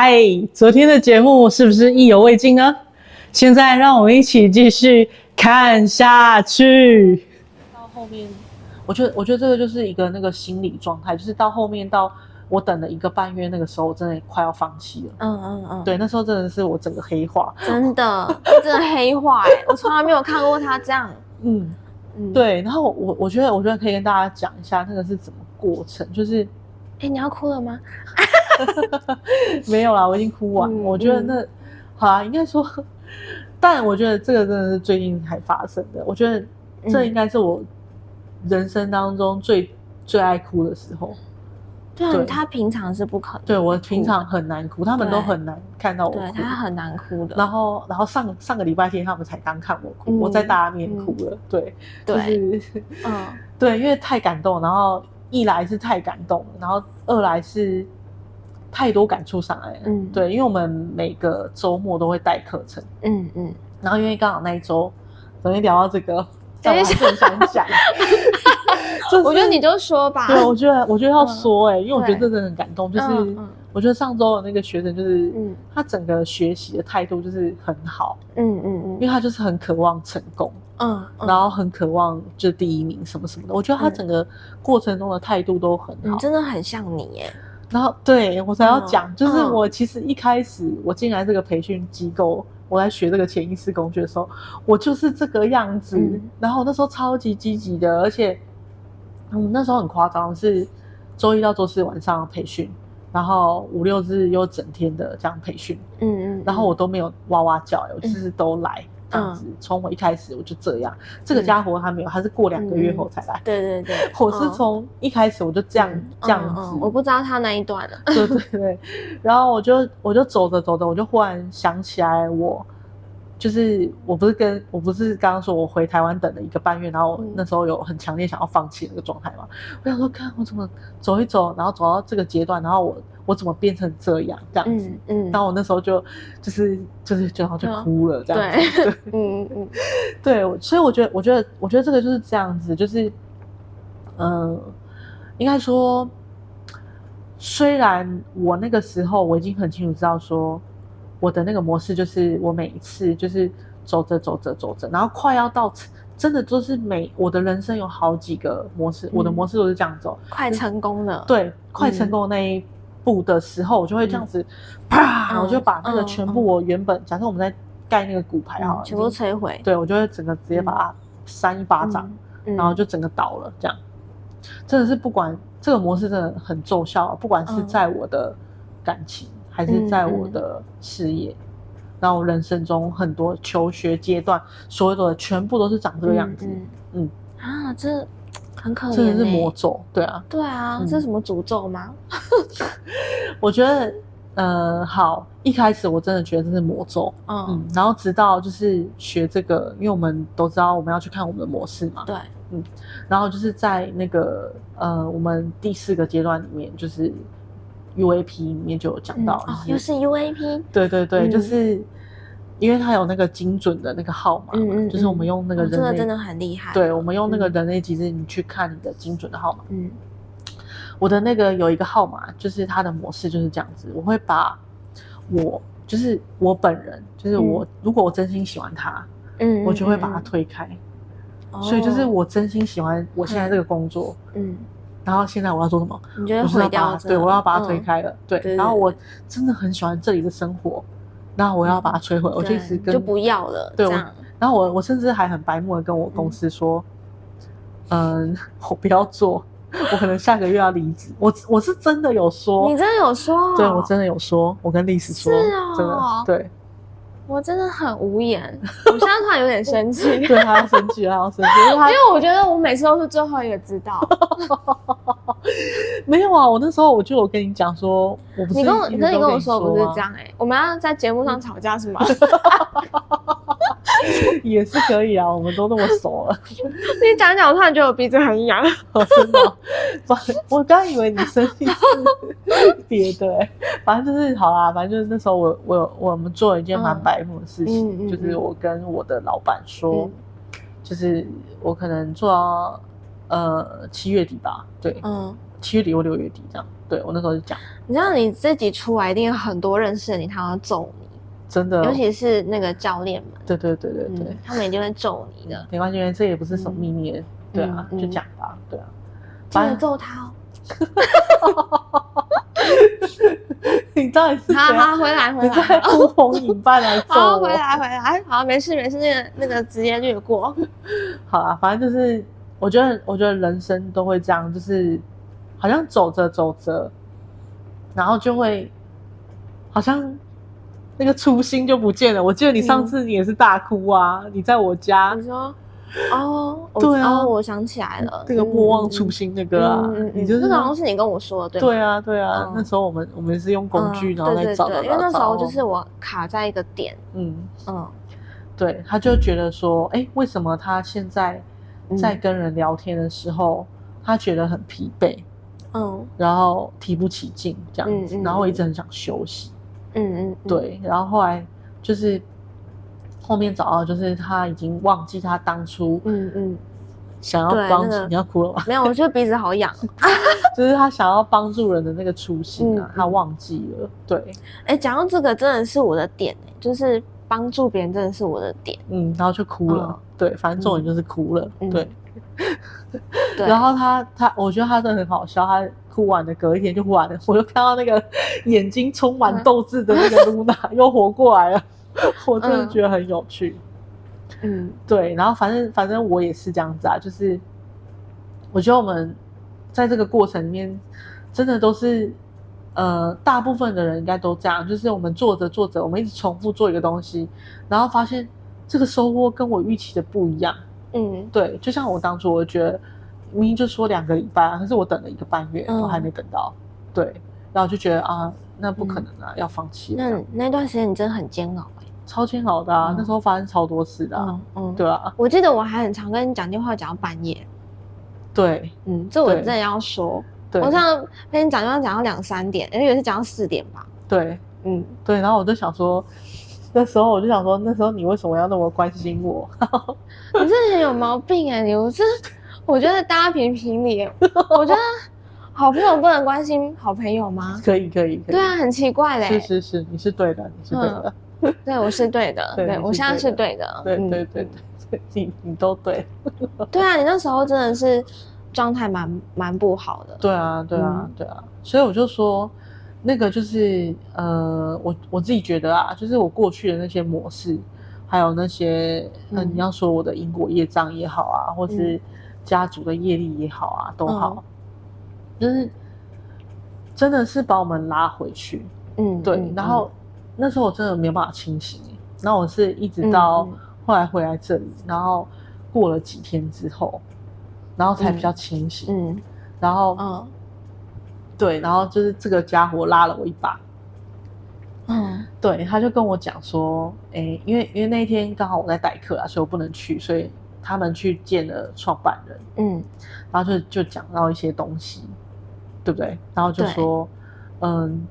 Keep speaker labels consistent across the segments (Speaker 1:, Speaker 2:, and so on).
Speaker 1: 嗨，Hi, 昨天的節目是不是意猶未盡呢？現在讓我們一起繼續看下去。到後面，我覺得，我覺得這個就是一個那個心理狀態，就是到後面到我等了一個半月，那個時候我真的快要放棄了。嗯嗯嗯，對，那時候真的是我整個黑化，真
Speaker 2: 的，真的黑化，哎、欸， 我從來沒有看過他這樣。嗯
Speaker 1: 嗯，嗯對，然後我我覺得，我覺得可以跟大家講一下那個是怎麼過程，就是，
Speaker 2: 哎、欸，你要哭了嗎？
Speaker 1: 沒有啦，我已經哭完了。我覺得那好啊，應該說，但我覺得這個真的是最近才發生的。我覺得這應該是我人生當中最最愛哭的時候。
Speaker 2: 對啊，他平常是不可能。對，我平常
Speaker 1: 很難哭，他們都很難看到我哭，對，他很難哭的。然後，然後上上個禮拜天他們才剛看我哭，我在大家面哭了。對，對，嗯，對，因為太感動。然後一來是太感動，然後二來是。太多感觸上來，嗯，對，因為我們每個周末都會帶課程，嗯嗯，然後因為剛好那一周，等於聊到這個，再往正向講，我覺得你就
Speaker 2: 說吧，對，我覺
Speaker 1: 得我覺得要說哎，因為我覺得這真的很感動，就是我覺得上周的那個學生就是，嗯，他整個學習的態度就是很好，嗯嗯嗯，因為他就是很渴望成功，嗯，然後很渴望就第一名什麼什麼的，我覺得他整個過程中的態度都很好，真的很像你耶。然後對，我才要講，嗯、就是我其實一開始我進來這個培訓機構，嗯、我在學這個潛意識工具的時候，我就是這個樣子。嗯、然後那時候超級積極的，而且，嗯，那時候很誇張，是周一到周四晚上培訓，然後五六日又整天的這樣培訓，嗯嗯，然後我都沒有哇哇叫、欸，我就是都來。嗯這樣子，從、嗯、我一開始我就這樣，這個家伙還沒有，嗯、他是過兩個月後才來。嗯、對對對，我是從一開始我就這樣、嗯嗯嗯、這樣子。我不知道他那一段了。對對對，然後我就我就走着走着，我就忽然想起來我。就是，我不是跟我不是剛剛說，我回台灣等了一個半月，然後我那時候有很強烈想要放棄的那個狀態嘛？嗯、
Speaker 2: 我想說，看我怎麼
Speaker 1: 走一走，然後走到這個階段，然後我我怎麼變成這樣這樣子？嗯嗯。嗯然後我那時候就就是就是就,就然後就哭了，哦、這樣子。對，嗯對。 對，所以我覺得，我覺得，我覺得這個就是這樣子，就是，嗯、呃，應該說，雖然我那個時候我已經很清楚知道說。我的那個模式就是，我每一次就是走着走着走着，然後快要到，真的就是每我的人生有好幾個模式，我的模式都是這樣走，快成功了，對，快成功的那一步的時候，我就會這樣子，啪，我就把那個全部我原本，假設我們在蓋那個骨牌好了，全部摧毀，對我就會整個直接把它扇一巴掌，然後就整個倒了這樣，真的是不管這個模式真的很奏效，不管是在我的感情。還是在我的事業，嗯嗯、然後人生中很多求學階段，所有的全部都是長這個樣子。嗯，嗯，嗯
Speaker 2: 啊，這很可憐真的是魔
Speaker 1: 咒。對啊，
Speaker 2: 對啊，嗯、這是什麼詛咒嗎？
Speaker 1: 我覺得，呃，好，一開始我真的覺得這是魔咒。嗯，嗯，然後直到就是學這個，因為我們都知道我們要去看我們的模式嘛。對，嗯，然後就是在那個呃，我們第四個階段裡面，就是。UAP 裡面就有講到，又是 UAP，對對對，就是因為它有那個精準的那個號碼，就是我們用那個人，這個真的很厲害，對，我們用那個人類機制，你去看你的精準的號碼，嗯，我的那個有一個號碼，就是它的模式就是這樣子，我會把我就是我本人，就是我如果我真心喜歡他，嗯，我就會把他推開，所以就是我真心喜歡我現在這個工作，嗯，然後現在我要做什麼？你覺得對我要把它推開了。對，然後我真的很喜歡這裡的生活，那我要把它摧毀。我就一直跟。就不
Speaker 2: 要了。對，我
Speaker 1: 然後我我甚至還很白目的跟我公司說，嗯，我不要做，我可能下個月要離職。我我是真的有說，你真的有說？對，我真的有說。我跟歷史說，真的。對，
Speaker 2: 我真的很無言。我現在突然有點生氣，對他要
Speaker 1: 生氣，他要生氣。因為
Speaker 2: 我覺得我每次都是最後一個知道。
Speaker 1: 沒有啊，我那時候我就有跟你講說，我不是跟你，說啊、你跟我你跟你跟我說不是這樣
Speaker 2: 哎、欸，我們要在節目上吵架是嗎？
Speaker 1: 也是可以啊，我們都那麼熟
Speaker 2: 了。你講講，我突然覺得我鼻子很癢，
Speaker 1: 真的。 我剛，剛以為你生氣是別的、欸、反正就是好啦，反正就是那時候我我我們做了一件蠻白目的事情，嗯、就是我跟我的老闆說，嗯、就是我可能做。呃，七月底吧，對，嗯，七月底或六月底這樣。對我那時候就講，
Speaker 2: 你知道你自己出來一定有很多認識的你，他們揍你，
Speaker 1: 真的，尤其
Speaker 2: 是那個教練嘛，
Speaker 1: 對對對對對，
Speaker 2: 他們一定會揍你
Speaker 1: 的，沒關係，這也不是什麼秘密，對啊，就講吧，對啊，記得揍他哦。你到底是他回來回來，哦，呼朋引伴來揍我回來
Speaker 2: 回來，好，沒事沒事，那個那個直接略過，
Speaker 1: 好啊，反正就是。我覺得，我覺得人生都會這樣，就是好像走着走着，然後就會好像那個初心就不見了。我記得你上次你也是大哭啊，嗯、你在我家，你說哦，對啊、哦，我想起來了，這個那個“莫忘初心”的歌啊，嗯嗯嗯嗯嗯、你就是那個好像
Speaker 2: 是你跟我說的，對對啊，
Speaker 1: 對啊，嗯、那時候我們我們是用工具然後來找、嗯對對對，因為那時候就是
Speaker 2: 我卡在一個點，
Speaker 1: 嗯嗯，嗯對，他就覺得說，哎、嗯欸，為什麼他現在？嗯、在跟人聊天的時候，他覺得很疲憊，嗯、哦，然後提不起勁這樣子，嗯嗯、然後一直很想休息，嗯嗯，嗯對，然後後來就是後面找到，就是他已經忘記他當初嗯，嗯嗯，想要幫你要哭了吧？沒有，我覺
Speaker 2: 得鼻子好癢、
Speaker 1: 喔、 就是他想要幫助人的那個初心啊，嗯、他忘記
Speaker 2: 了，對，哎、欸，講到這個真的是我的點、欸、就是幫助別人真的是我的點，
Speaker 1: 嗯，然後就哭了。嗯對，反正重點就是哭了。嗯、對，嗯、 然後他他，我覺得他真的很好笑，他哭完了，隔一天就哭完了。我就看到那個眼睛充滿鬥志的那個露娜又活過來了，嗯、我真的覺得很有趣。嗯，對。然後反正反正我也是這樣子啊，就是我覺得我們在這個過程裡面，真的都是呃，大部分的人應該都這樣，就是我們做着做着，我們一直重複做一個東西，然後發現。這個收穫跟我預期的不一樣，
Speaker 2: 嗯，對，
Speaker 1: 就像我當初，我覺得明明就說兩個禮拜，可是我等了一個半月，都還沒等到，對，然後就覺得啊，那不可能啊，要放棄。那那段時間你真的很煎熬哎，超煎熬的啊，那時候發生超多事的，嗯，對啊。我記得我還很常跟你講電話，講到半夜，對，嗯，這我真的要
Speaker 2: 說，對，我上次跟你講電話講到兩三點，因為有一次講到四點吧，
Speaker 1: 對，嗯，對，然後我就想說。那時候我就想說，那時候你為什麼要那麼關心我？
Speaker 2: 你這人有毛病哎，欸！你我是我覺得大家評評理， 我覺得好朋友不能關心好朋友嗎？
Speaker 1: 可以可以。對啊，
Speaker 2: 很奇怪嘞，欸。是是
Speaker 1: 是，你是對的，你是對的，嗯、
Speaker 2: 對我是對的，對我現在是對的，
Speaker 1: 對對對對，你你都對。
Speaker 2: 對啊，你那時候真的是狀態蠻蠻不好的。
Speaker 1: 對啊，對啊，對啊，所以我就說。那個就是呃，我我自己覺得啊，就是我過去的那些模式，還有那些，嗯、你要說我的因果業障也好啊，或是家族的業力也好啊，都好，嗯、就是真的是把我們拉回去，嗯，對。嗯、然後、嗯、那時候我真的沒有辦法清醒、欸，然後我是一直到後來回來這裡，嗯嗯、然後過了幾天之後，然後才比較清醒，嗯，嗯嗯然後嗯。對，然後就是這個家伙拉了我一把，嗯，對，他就跟我講說，哎，因為因為那一天剛好我在代課啊，所以我不能去，所以他們去見了創辦人，嗯，然後就就講到一些東西，對不對？然後就說，對嗯，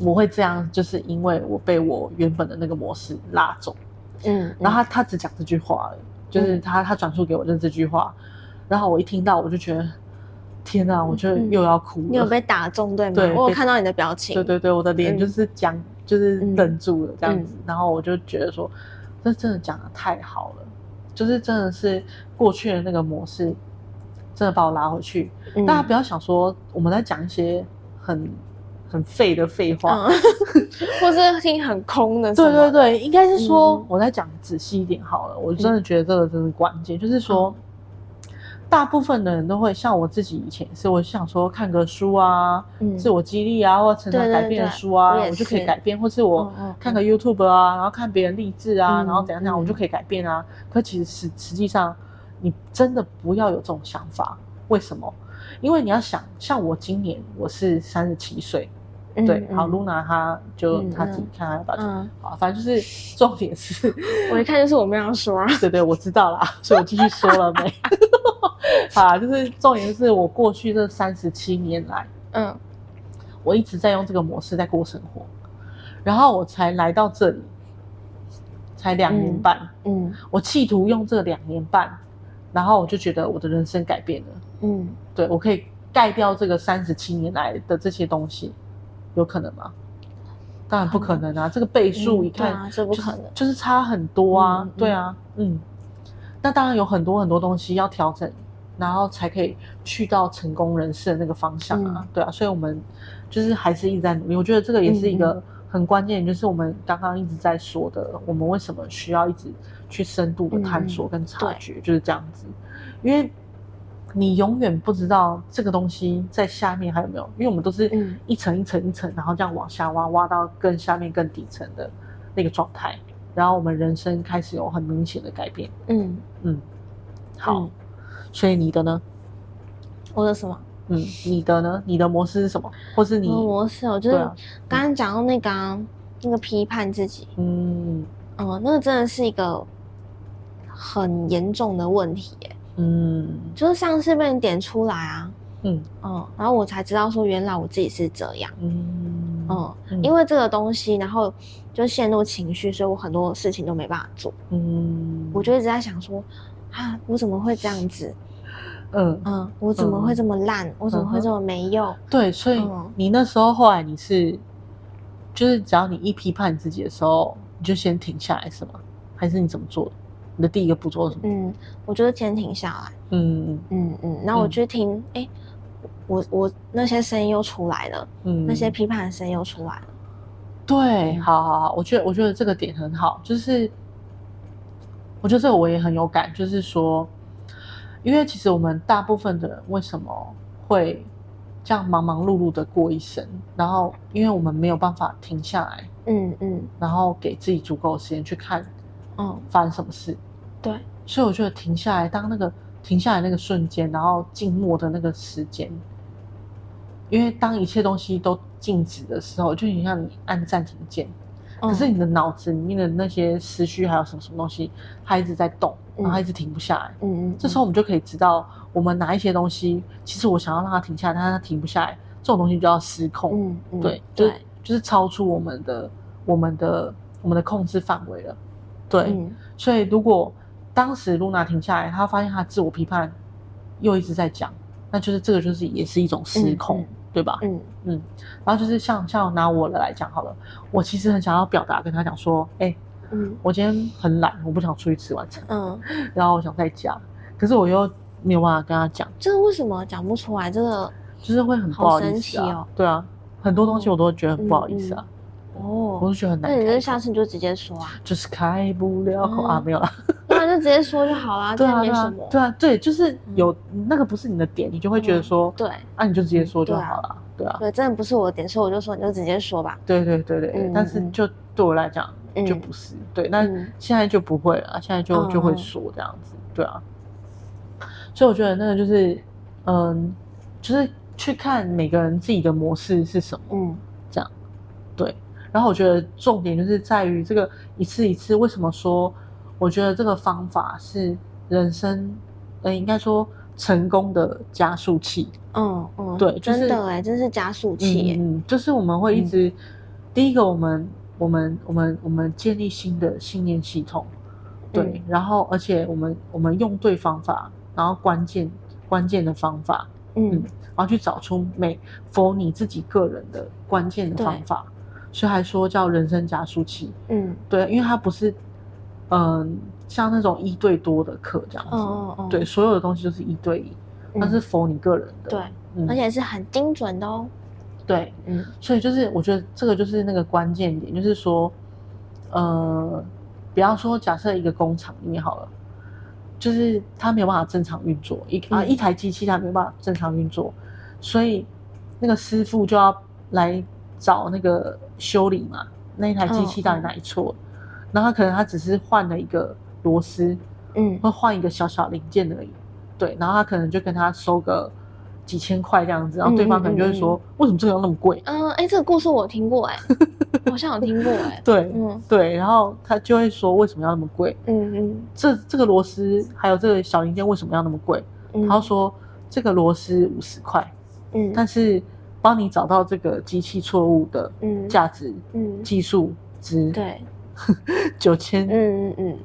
Speaker 1: 我會這樣，就是因為我被我原本的那個模式拉走，嗯，然後他他只講這句話，就是他、嗯、他轉述給我的這，這句話，然後我一聽到我就覺得。天哪，我覺得又要哭。你有被
Speaker 2: 打中對嗎？對，我有看到你的表情。對對
Speaker 1: 對，我的臉就是僵，就是愣住了這樣子。然後我就覺得說，這真的講的太好了，就是真的是過去的那個模式，真的把我拉回去。大家不要想說，我們在講一些很很廢的廢話，
Speaker 2: 或是聽很空的。對對對，應該是說
Speaker 1: 我在講仔細一點好了。我真的覺得這個真的關鍵，就是說。大部分的人都會像我自己以前是，我想說看個書啊，自、嗯、我激勵啊，或者成長改變的書啊，對對對對我就可以改變，是或是我看個 YouTube 啊，嗯、然後看別人勵志啊，嗯、然後怎樣怎樣，嗯、我就可以改變啊。可其實實，實際上，你真的不要有這種想法。為什麼？因為你要想，像我今年我是三十七歲。嗯嗯對，好，Luna，她就嗯嗯她自己看她要把、這個，嗯、好，反正就是重點是，我一看就是我沒有要說、啊， 對對，我知道啦，所以我繼續說了唄。 好，就是重點是我過去這三十七年來，嗯，我一直在用這個模式在過生活，然後我才來到這裡，才兩年半，嗯，嗯我企圖用這兩年半，然後我就覺得我的人生改變了，嗯，對我可以蓋掉這個三十七年來的這些東西。有可能嗎？當然不可能啊！嗯、這個倍數一看，嗯嗯啊，這不可能就，就是差很多啊！嗯嗯、對啊，嗯，那當然有很多很多東西要調整，然後才可以去到成功人士的那個方向啊！嗯、對啊，所以我們就是還是一直在努力。我覺得這個也是一個很關鍵，就是我們剛剛一直在說的，我們為什麼需要一直去深度的探索跟察覺，嗯、就是這樣子，因為。你永遠不知道這個東西在下面還有沒有，因為我們都是一層一層一層，然後這樣往下挖，挖到更下面、更底層的那個狀態。然後我們人生開始有很明顯的改變。嗯嗯，好。嗯、所以你的呢？
Speaker 2: 我的什麼？嗯，
Speaker 1: 你的呢？你的模式是什麼？或是你的模
Speaker 2: 式？我就是剛剛講到那個、啊、那個批判自己。嗯哦、呃，那個真的是一個很嚴重的問題、欸。嗯，就是上次被你點出來啊，嗯嗯，然後我才知道說，原來我自己是這樣，嗯嗯，嗯因為這個東西，然後就陷入情緒，所以我很多事情都沒辦法做，嗯，我就一直在想說，啊，我怎麼會這樣子？嗯嗯，我怎麼會這麼爛？嗯，我怎麼會這麼沒用？
Speaker 1: 對，所以你那時候後來你是，就是只要你一批判自己的時候，你就先停下來是嗎？還是你怎麼做的？的第一個步驟什麼？嗯，我覺得先停下來。嗯嗯嗯嗯。那、嗯嗯、我去
Speaker 2: 聽，哎、嗯欸，我我那些聲音又出來了。嗯，那些批判的聲音又出
Speaker 1: 來了。對，嗯、好好好，我覺得我覺得這個點很好，就是我覺得這個我也很有感，就是說，因為其實我們大部分的人為什麼會這樣忙忙碌碌的過一生，然後因為我們沒有辦法停下來，嗯嗯，嗯然後給自己足夠的時間去看，嗯，發生什麼事。嗯對，所以我覺得停下來，當那個停下來那個瞬間，然後靜默的那個時間，因為當一切東西都靜止的時候，就很像你按暫停鍵，嗯、可是你的腦子裡面的那些思緒還有什麼什麼東西，它一直在動，然後一直停不下來。嗯嗯。嗯嗯，這時候我們就可以知道，我們哪一些東西，其實我想要讓它停下來，但它停不下來，這種東西就要失控。嗯嗯。嗯對，就，對就是超出我們的我們的我們的控制範圍了。對，嗯、所以如果。當時露娜停下來，她發現她自我批判又一直在講，那就是這個就是也是一種失控，嗯嗯、對吧？嗯嗯。然後就是像像我拿我的來講好了，我其實很想要表達跟她講說，哎、欸，嗯，我今天很懶，我不想出去吃晚餐，嗯，然後我想在家，可是我又沒有辦法跟她講，這個為什麼講不出來？這個就是會很不好意思啊。嗯嗯、對啊，很多東西我都覺得很不好意思啊。哦、嗯，
Speaker 2: 嗯、我都覺得很難開。那你下次你就直接說啊，
Speaker 1: 就是開不了口、嗯、啊，沒有了。
Speaker 2: 那就直接說就好了，對啊，對啊，
Speaker 1: 對啊，對，就是有那個不是你的點，你就會覺得說，對，啊，你就直接說就好啦，對啊，
Speaker 2: 對，真的不是我的點，所以我就說你就直接說
Speaker 1: 吧，對對對對對，但是就對我來講就不是，對，那現在就不會了，現在就就會說這樣子，對啊，所以我覺得那個就是，嗯，就是去看每個人自己的模式是什麼，嗯，這樣，對，然後我覺得重點就是在於這個一次一次為什麼說。我覺得這個方法是人生，欸、應該說成功的加速器。嗯嗯、
Speaker 2: 哦，哦、對，就是、真的哎、欸，真是加速器、欸。嗯，
Speaker 1: 就是我們會一直，嗯、第一個我，我們我們我們我們建立新的信念系統，
Speaker 2: 對，嗯、
Speaker 1: 然後而且我們我們用對方法，然後關鍵關鍵的方法，嗯，嗯，然後去找出每 for 你自己個人的關鍵的方法，對所以還說叫人生加速器。嗯，對，因為它不是。嗯、呃，像那種一對多的課這樣子，oh, oh, oh. 對，所有的東西都是一對一，那是 for 你個人的，嗯嗯、對，而且
Speaker 2: 是很精準的哦。對，
Speaker 1: 對嗯，所以就是我覺得這個就是那個關鍵點，就是說，呃，比方說，假設一個工廠，裡面好了，就是他沒有辦法正常運作，一、嗯、啊一台機器他沒有辦法正常運作，所以那個師傅就要來找那個修理嘛，那一台機器到底哪裡錯了？Oh, oh. 然後他可能他只是換了一個螺絲，嗯，會換一個小小零件而已，對。然後他可能就跟他收個幾千塊這樣子，然後對方可能就會說：為什麼這個要那麼貴？
Speaker 2: 嗯，哎，這個故事我有聽過，哎，好像有聽過，哎，對，嗯，
Speaker 1: 對。然後他就會說：為什麼要那麼貴？嗯嗯，這這個螺絲還有這個小零件為什麼要那麼貴？他說這個螺絲五十塊，嗯，但是幫你找到這個機器錯誤的嗯價值
Speaker 2: 嗯技
Speaker 1: 術值對。九千，嗯嗯嗯，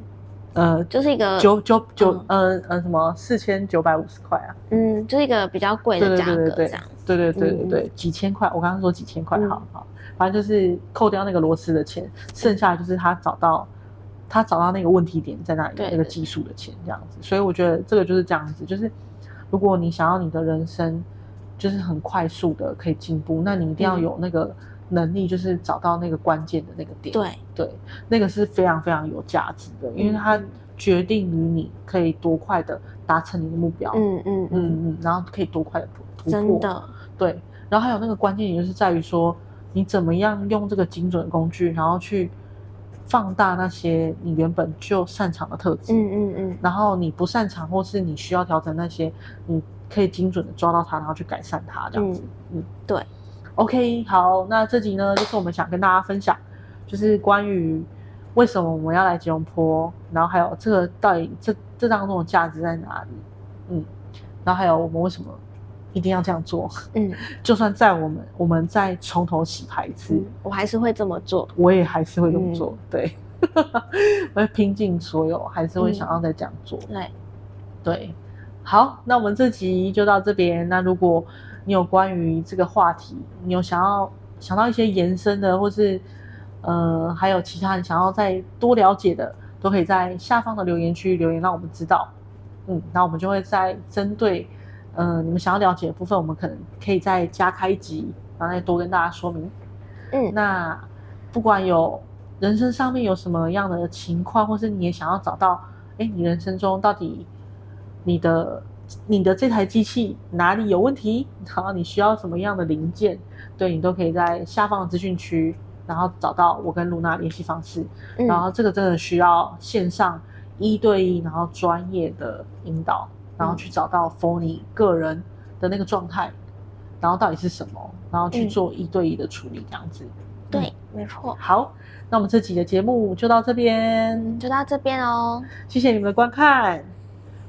Speaker 1: 呃，就是一個九九九，呃呃，什麼四千九百五十塊啊？嗯，
Speaker 2: 就是一個比較貴的價格，這樣子。
Speaker 1: 對對對對對，幾千塊，我剛剛說幾千塊，好，好，反正就是扣掉那個螺絲的錢，剩下就是他找到他找到那個問題點在那裡，那個技術的錢這樣子。所以我覺得這個就是這樣子，就是如果你想要你的人生就是很快速的可以進步，那你一定要有那個。能力就是找到那個關鍵的那個點，對，對對，那個是非常非常有價值的，因為它決定於你可以多快的達成你的目標，嗯嗯嗯嗯，然後可以多快的突破，真的，對，然後還有那個關鍵也就是在於說，你怎麼樣用這個精準工具，然後去放大那些你原本就擅長的特質，嗯，嗯嗯嗯，然後你不擅長或是你需要調整那些，你可以精準的抓到它，然後去改善它，這樣子，嗯，嗯對。OK，好，那這集呢，就是我們想跟大家分享，就是關於為什麼我們要來吉隆坡，然後還有這個到底這這當中的價值在哪裡，嗯，然後還有我們為什麼一定要這樣做，嗯，就算再我們我們再從頭洗牌一次，我還是會這麼做，我也還是會這麼做，嗯、對， 我會拼盡所有，還是會想要再這樣做，嗯、對，對。好，那我們這集就到這邊。那如果你有關於這個話題，你有想要想到一些延伸的，或是呃，還有其他你想要再多了解的，都可以在下方的留言區留言，讓我們知道。嗯，那我們就會再針對呃你們想要了解的部分，我們可能可以再加開一集，然後再多跟大家說明。嗯，那不管有人生上面有什麼樣的情況，或是你也想要找到，哎，你人生中到底。你的你的這台機器哪裡有問題？好，你需要什麼樣的零件？對，你都可以在下方的資訊區，然後找到我跟露娜的聯繫方式。嗯、然後這個真的需要線上一對一，然後專業的引導，然後去找到符合你個人的那個狀態，然後到底是什麼，然後去做一對一的處理這樣子。嗯嗯、對，沒錯。好，那我們這集的節目就到這邊，就到這邊哦。謝謝你們的觀看。